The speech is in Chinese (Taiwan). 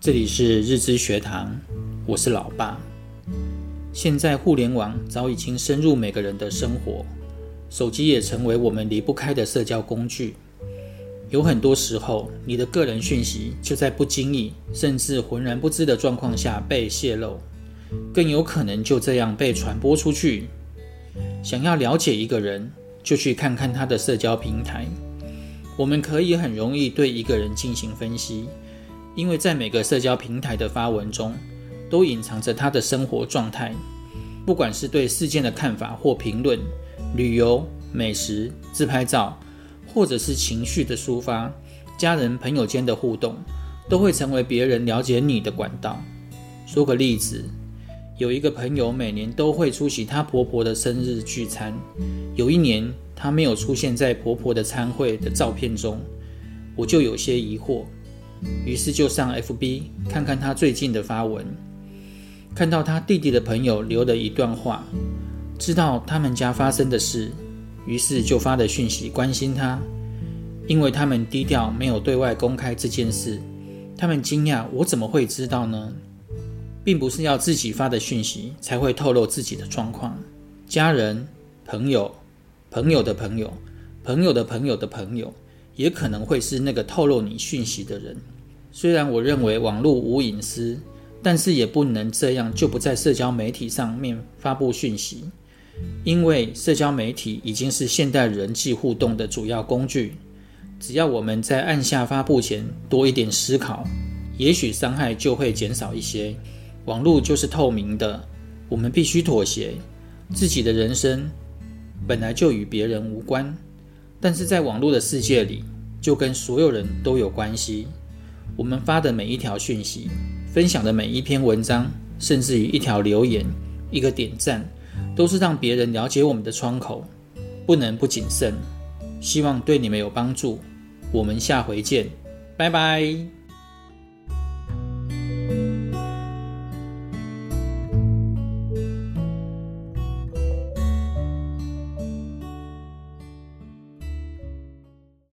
這裡是日之學堂，我是老爸。現在互聯網早已經深入每個人的生活，手機也成為我們離不開的社交工具。有很多時候，你的個人訊息就在不經意，甚至渾然不知的狀況下被泄露，更有可能就這樣被傳播出去。想要了解一個人，就去看看他的社交平台。我們可以很容易對一個人進行分析。因為在每個社交平台的發文中，都隱藏着他的生活狀態，不管是對事件的看法或評論、旅游、美食、自拍照，或者是情緒的抒發、家人朋友間的互動，都會成為別人了解你的管道。說個例子，有一個朋友每年都會出席他婆婆的生日聚餐，有一年他沒有出現在婆婆的餐會的照片中，我就有些疑惑。於是就上 FB 看看他最近的發文，看到他弟弟的朋友留了一段話，知道他們家發生的事，於是就發的訊息關心他，因為他們低調，沒有對外公開這件事，他們驚訝我怎麼會知道呢？並不是要自己發的訊息才會透露自己的狀況，家人、朋友、朋友的朋友、朋友的朋友的朋友。也可能會是那個透露你訊息的人。雖然我認為網絡無隱私，但是也不能這樣就不在社交媒體上面發布訊息，因為社交媒體已經是現代人際互動的主要工具。只要我們在按下發布前多一點思考，也許傷害就會減少一些。網絡就是透明的，我們必須妥協。自己的人生本來就與別人無關。但是在網絡的世界裡，就跟所有人都有關係。我們發的每一條訊息、分享的每一篇文章，甚至於一條留言、一個點讚，都是讓別人了解我們的窗口，不能不謹慎。希望對你們有幫助，我們下回見，拜拜。